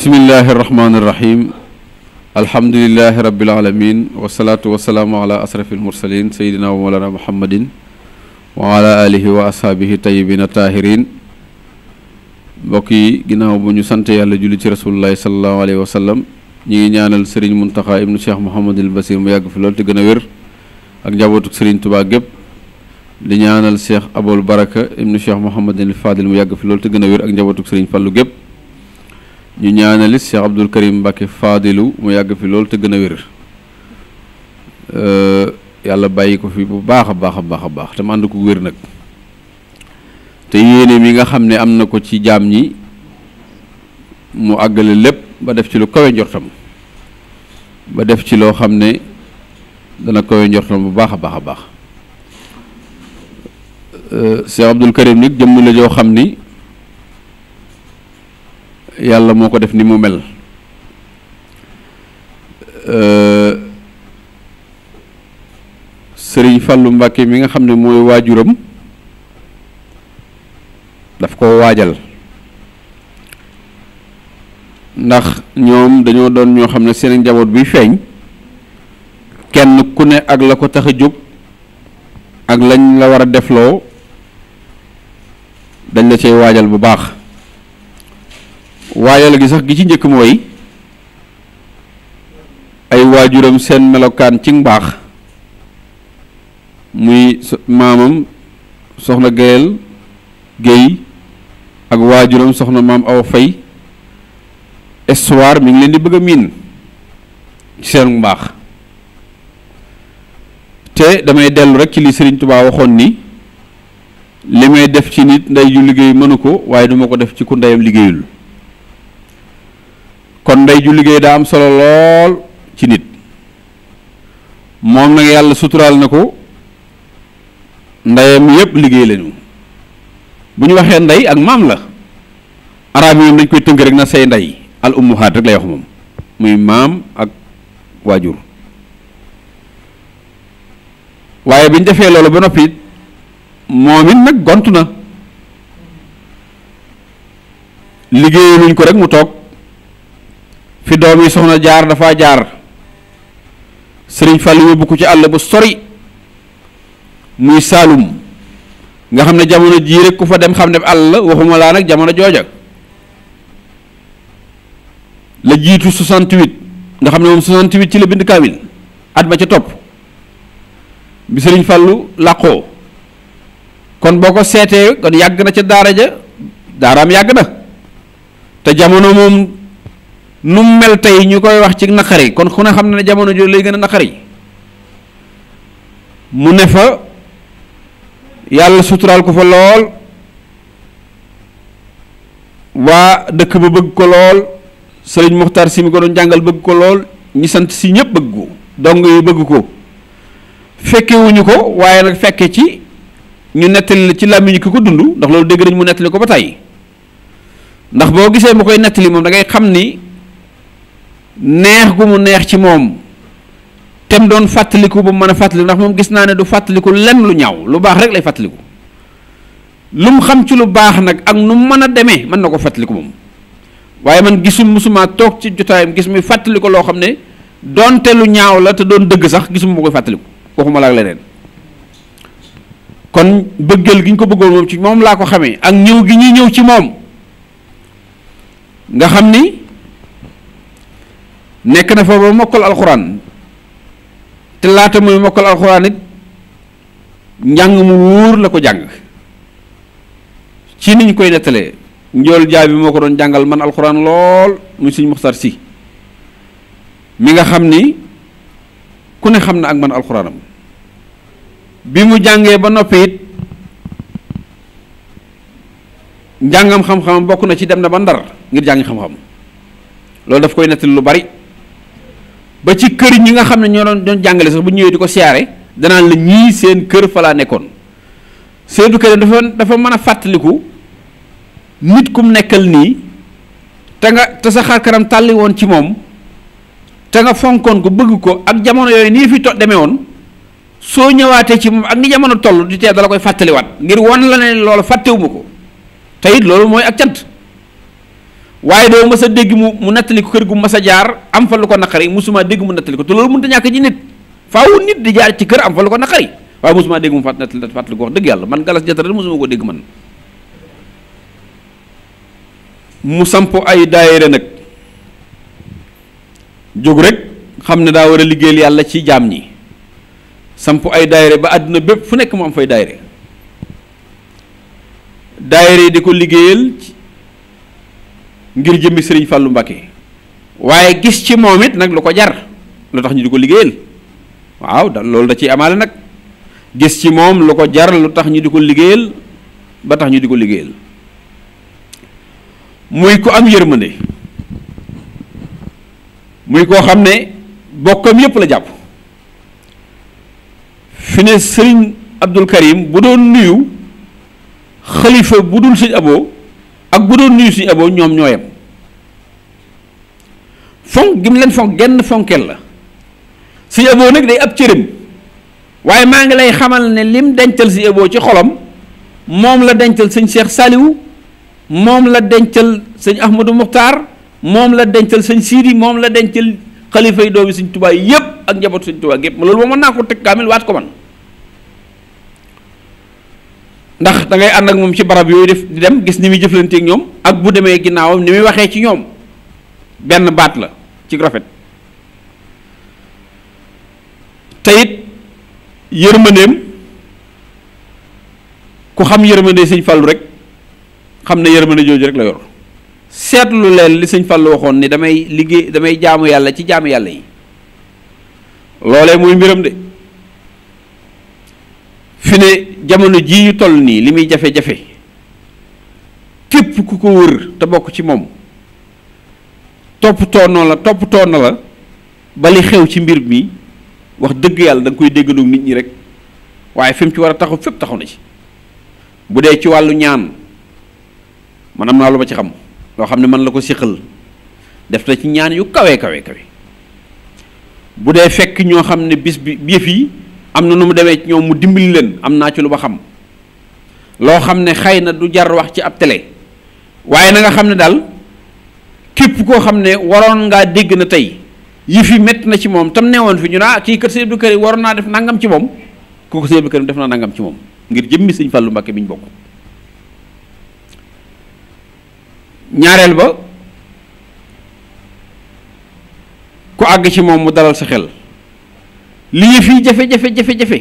bismillahi irrahmani irrahim alhamdulilahi rabilalamin wasalatu wasalaamu ala asrafi almursalin sayidina wa molana muhammadin wa ala alihi wa ashaabihi tayibina taahirin mbokk yi ginnaaw bu ñu sant yàlla julli ci rasulullahi salallahu alayhi wa sallam ñi ngi ñaanal sëriñ muntaxa ibnu cheikh mohamadul basir mu yàgg fi loolu te gën a wér ak njabootuk sëriñ tubaa gépp di ñaanal cheikh abul baraka ibnu cheikh mohamadul fadil mu yàgg fi loolu te gën a wér ak njabootuk sëriñ fàllu gépp ñu ñaanali Cheikh Abdul Karim Mbacke Fadilu mu yàgg fi loolu te gën a wér euh, yàlla bàyyi ko fi bu baax a baax a baax a baax te mu ànd ko wér nag te yéene mi nga xam ne am na ko ci jaam ñi mu àggale lépp ba def ci lu kawe njortam ba def ci loo xam ne dana kawe njortam bu baax a baax a baax euh, Cheikh Abdul Karim nag jëmm la joo xam ni. yàlla moo ko def ni mu mel euh, sëriñ Fallou Mbacke mi nga xam ne mooy waajuram daf koo waajal ndax ñoom dañoo doon ñoo xam ne seen njaboot bi feeñ kenn ku ne ak la ko tax a jóg ak lañ la war a defloo dañ la cay waajal bu baax waajal gi sax gi ci njëkk mooy ay waajuram seen melokaan ci mbaax muy maamam soxna Gayel géey ak waajuram soxna maam aw Fay histoire mi ngi leen di bëgg a miin ci seen mbaax te damay dellu rek ci li Sëriñ Tubaa waxoon ni li may def ci nit ndey ju liggéey mënu ko waaye duma ko def ci ku ndeyam liggéeyul kon ndey ju liggéey daa am solo lool ci nit moom nag yàlla suturaal na ko ndeyam yépp liggéey lañu bu ñu waxee ndey ak maam la araab yi dañ koy tënk rek na say ndey al ummuhaat rek lay wax moom muy maam ak waajur waaye bi ñu defee loolu ba noppi moom it nag gont na liggéey luñ ko rek mu toog fi doom yi soxna jaar dafa jaar sëriñ Fallou yóbbu bukk ci àll ba sori muy Saalum nga xam ne jamono jii rek ku fa dem xam ne àll waxuma laa nag jamono jooja la jiitu 68 nga xam ne moom 68 ci la bind kaamil at ma ca topp bi sëriñ Fallou làqoo kon boo ko seetee kon yàgg na ca daara ja daaraam yàgg na te jamono moom. nu mel tey ñu koy wax ci naqar yi kon ku ne xam ne jamono jooju lay gën a naqar yi mu ne fa yàlla suturaal ko fa lool waa dëkk ba bëgg ko lool sëriñ Muxtaar si mi ko doon jàngal bëgg ko lool ñi sant si ñëpp bëgg ko dong yi bëgg ko fekkewuñu ko waaye nag fekke ci ñu nettali ci làmmiñu ki ko dund ndax loolu dégg mu nettali ko ba tey ndax boo gisee mu koy nettali moom da ngay xam ni neex gu mu neex ci moom tem doon fàttaliku bu mu mën a fàttaliku ndax moom gis naa ne du fàttaliku lenn lu ñaaw lu baax rek lay fàttaliku lu mu xam ci lu baax nag ak nu mën a demee mën na ko fàttaliku moom waaye man gisum musuma toog ci jotaayam gis muy fàttaliku loo xam ne doonte lu ñaaw la te doon dëgg sax gisuma ma koy fàttaliku waxuma la ak leneen kon bëggal gi ñu ko bëggoon moom ci moom laa ko xamee ak ñëw gi ñuy ñëw ci moom nga xam ni nekk na fa ba mokkal alxuraan te laata muy mokkal alxuraan it njàng mu wóor la ko jàng ci niñ koy nettalee njool jaay bi moo ko doon jàngal man alxuraan lool muy suñ muxtar si mi nga xam ni ku ne xam na ak man alxuraanam bi mu jàngee ba noppee it njàngam xam-xam bokk na ci dem na ba ndar ngir jàngi xam-xam loolu daf koy nettali lu bari ba ci kër ñi nga xam ne ñoo doon doon jàngale sax bu ñëwee di ko siyaare danaan la ñii seen kër fa laa nekkoon seetu kër dafa dafa mën a fàttaliku nit kum nekkal nii te nga te sa xar kanam woon ci moom te nga fonkoon ko bëgg ko ak jamono yooyu nii fi to demee woon soo ñëwaatee ci moom ak ni jamono toll di tee dala koy fàttaliwaat ngir won la ne loolu fàttewuma ko te it loolu mooy ak cant waaye doo mas a dégg mu mu nettali ko kër gu mas a jaar am fa lu ko naqari musuma dégg mu nettali ko te loolu mënut a ñàkk ci nit faaw nit di jaar ci kër am fa lu ko naqari waaye musuma dégg mu fàtt nettali fàttali ko wax dëgg yàlla man galas jatara musuma ko dégg man mu samp ay daayira nag jóg rek xam ne daa war a liggéeyal yàlla ci jaam ñi samp ay daayira ba àddina bépp fu nekk mu am fay daayira daayira yi di ko liggéeyal ngir jëmmi sëriñ Fallou Mbacké waaye gis ci moom it nag lu ko jar lu tax ñu di ko liggéeyal waaw da loolu da ciy amaale nag gis ci moom lu ko jar lu tax ñu di ko liggéeyal ba tax ñu di ko liggéeyal muy ko am yërmande muy koo xam ne bokkam yépp la jàpp fi ne sëriñ Abdul Karim bu doon nuyu xalifa bu dul sëñ aboo ak bu doon nuyu sëñ aboo ñoom ñoo fonk gi mu leen fonk genn fonkeel la si ëboo nag day ab cëram waaye maa ngi lay xamal ne lim dencal si ëboo ci xolam moom la dencal sëñ Cheikh Saliou moom la dencal sëñ Ahmadou Muxtaar moom la dencal sëñ Siidi moom la dencal xalifa yi doomi sëñ Tuubaa yépp ak njaboot sëñ Tuubaa yépp loolu moom mën naa ko teg kaamil waat ko man ndax dangay ànd ak moom ci barab yooyu def di dem gis ni muy jëflanteeg ñoom ak bu demee ginnaawam ni muy waxee ci ñoom benn baat la ci rafet te it yërmandeem ku xam yërmande sëñ Fallou rek xam ne yërmande jooju rek la yor seetlu leen li sëñ Fallou waxoon ni damay liggéey damay jaamu yàlla ci jaamu yàlla yi loolee muy mbiram de fi ne jamono jii ñu toll nii li muy jafe-jafe képp ku ko wër te bokk ci moom. toppatoo na la toppatoo na la ba li xew ci mbir mi wax dëgg yàlla da koy déggandoog nit ñi rek waaye fi mu ci war a taxaw fépp taxaw na ci bu dee ci wàllu ñaan man am naa lu ma ci xam loo xam ne man la ko siqal def na ci ñaan yu kawe kawe kawe bu dee fekk ñoo xam ne bis bi yëf yi am na nu mu demee ci ñoom mu dimbali leen am naa ci lu ma xam loo xam ne xëy na du jar wax ci ab tele waaye na nga xam ne daal. képp koo xam ne waroon ngaa dégg na tey yi fi métti na ci moom tam newoon fi ñu naa ah, kii kër Sëñ Abdou Karim waroon naa def nangam ci moom kooku Sëñ Abdou def naa nangam ci moom ngir jëmmi Sëñ Fàllu Mbàkke bi ñu bokk ñaareel ba ku àgg ci moom mu dalal sa xel li ñu fi jafe-jafe jafe-jafe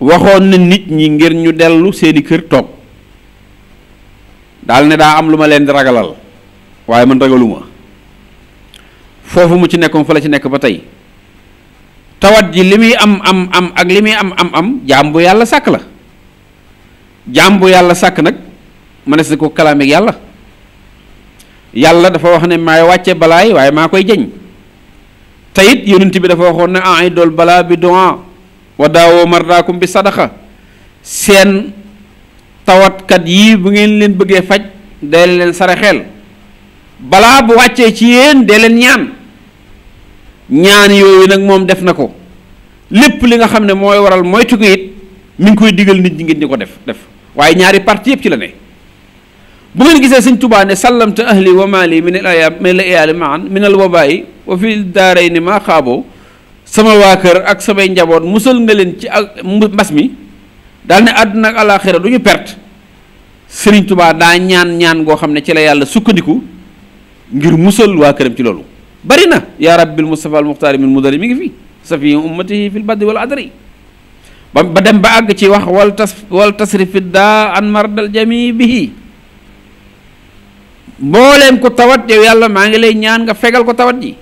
waxoon na nit ñi ngir ñu dellu seeni kër toog daal ne daa am lu ma leen di ragalal waaye man ragaluma foofu mu ci nekkoon fa la ci nekk ba tey tawat ji li muy am am am ak li muy am am am jaam bu yàlla sàkk la jaam bu yàlla sàkk nag mënees na ko kalaameeg yàlla yàlla dafa wax ne maay wàcce balaay waaye maa koy jeñ te it yonent bi dafa waxoon ne ah ay balaa bi doa wa daawoo mardaakum bi sadaqa seen tawatkat yii bu ngeen leen bëggee faj day leen saraxeel balaa bu wàccee ci yéen de leen ñaan ñaan yooyu nag moom def na ko lépp li nga xam ne mooy waral moytu ko it mu ngi koy digal nit ñi ngeen di ko def def waaye ñaari parti yëpp ci la ne bu ngeen gisee sëñ Tuubaa ne sallamtu ahli wa maali min al ayaab min al iyaali maan min al wabaayi wa fi ni maa xaaboo sama waa kër ak samay njaboot musal nga leen ci ak mbas mi daal ne àdduna ak àllaaxira du ñu perte sëriñ tubaa daa ñaan ñaan goo xam ne ci la yàlla sukkandiku ngir musal waa këram ci loolu bari na yaa rabbil mustafa al muxtaari min mudari mi ngi fi safiyu ummatihi fil baddi wal adri ba ba dem ba àgg ci wax wal tas wal tasrifi daa an mardal jami bihi mbooleem ko tawat yow yàlla maa ngi lay ñaan nga fegal ko tawat ji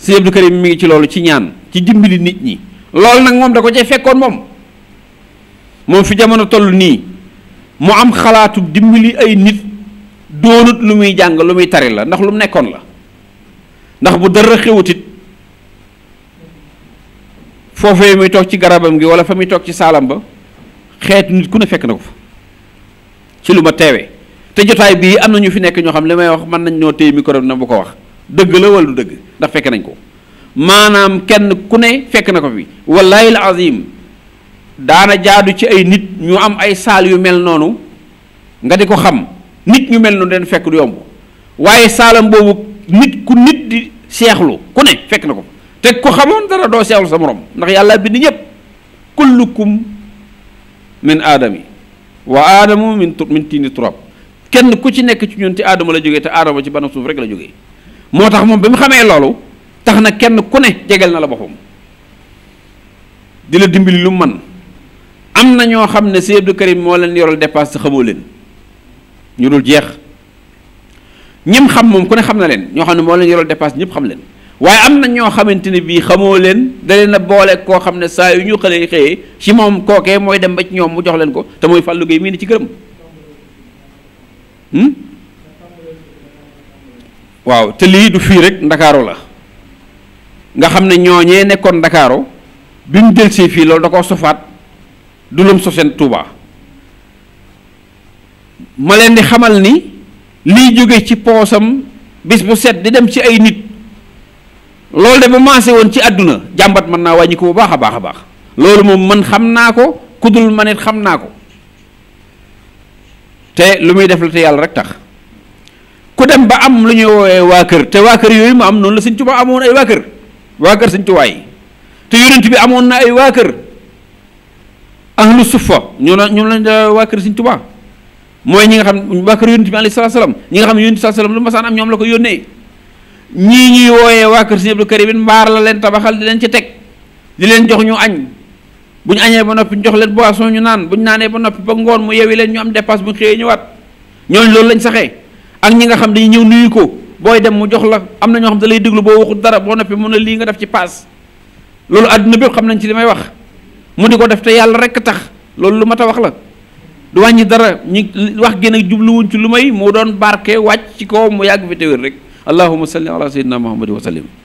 sëñ Abdou Karim mi ngi ci loolu ci ñaan ci dimbali nit ñi loolu nag moom da ko cay fekkoon moom moom fi jamono toll nii mu am xalaatu dimbali ay nit doonut lu muy jàng lu muy tari la ndax lu mu nekkoon la ndax bu dara xewutit foofee muy toog ci garabam gi wala fa muy toog ci saalam ba xeetu nit ku ne fekk na ko fa ci lu ma teewee te jotaay bii am na ñu fi nekk ñoo xam li may wax mën nañ ñoo téye micro bi na bu ko wax dëgg la wala du dëgg ndax fekk nañ ko maanaam kenn ku ne fekk na ko fi wallahi al azim daana jaadu ci ay nit ñu am ay saal yu mel noonu nga di ko xam nit ñu mel noonu den fekk du yomb waaye saalam boobu nit ku nit di seexlu ku ne fekk na ko te ko xamoon dara doo seexlu sa moroom ndax yàlla bind ñëpp kullukum min aadami wa aadamu min tur min tiini trop kenn ku ci nekk ci ñun ci aadama la jógee te aadama ci banam suuf rek la jóge moo tax moom bi mu xamee loolu tax na kenn ku ne jegel na la boppam di la dimbali lu mu man am na ñoo xam ne Sëñ Abdou Karim moo leen yoral dépasse xamoo leen ñu dul jeex ñim xam moom ku ne xam na leen ñoo xam ne moo leen yoral dépasse ñëpp xam leen waaye am na ñoo xamante ne bii xamoo leen da a boole koo xam ne saa ñu xëlee xëyee ci moom kookee mooy dem ba ñoom mu jox leen ko te mooy Fallou Gueye mii ni ci këram hmm? waaw te lii du fii rek ndakaaru la nga xam ne ñooñee nekkoon ndakaaru bi mu jël see fii loolu da koo sofaat du lum sosen Touba ma leen di xamal ni liy jóge ci poosam bis bu set di dem ci ay nit loolu de bu maase woon ci àdduna jàmbat mën naa wàññi ko bu baax a baax a baax loolu moom man xam naa ko kudul man it xam naa ko te lu muy def la te yàlla rek tax ku dem ba am lu ñuy woowee waa kër te waa kër yooyu mu am noonu la Sëñ Tuubaa amoon ay waa kër waa kër Sëñ Tuubaa yi te yonent bi amoon na ay waa kër ahlu sufa ñoo na ñoom lañ da uh, waa kër Sëriñ Tuubaa mooy ñi nga xam waa kër yónent bi alayhi salaatu salaam ñi nga xam ne yónent bi salaam lu masaan am ñoom la ko yónnee ñii ñuy wooyee waa kër Sëriñ Abdou Karim mbaar la leen tabaxal di leen ci teg di leen jox ñu añ bu ñu añee ba noppi jox leen soo ñu naan bu ñu naanee ba noppi ba ngoon mu yewi leen ñu am dépasse bu ñu xëyee ñëwaat ñooñu loolu lañ saxee ak ñi nga xam dañuy ñëw nuyu ko booy dem mu jox la am na ñoo xam da lay déglu boo dara boo noppi mën a lii nga def ci paas loolu àdduna bépp xam nañ ci li wax mu di ko def te yàlla rekk tax loolu lu ma a wax la du wàññi dara ñi wax gën a jubluwuñ ci lu may moo doon barke wàcc ci kaw mu yàgg fi téwér rek allahuma salli ala sayyidina muhammad wa sallim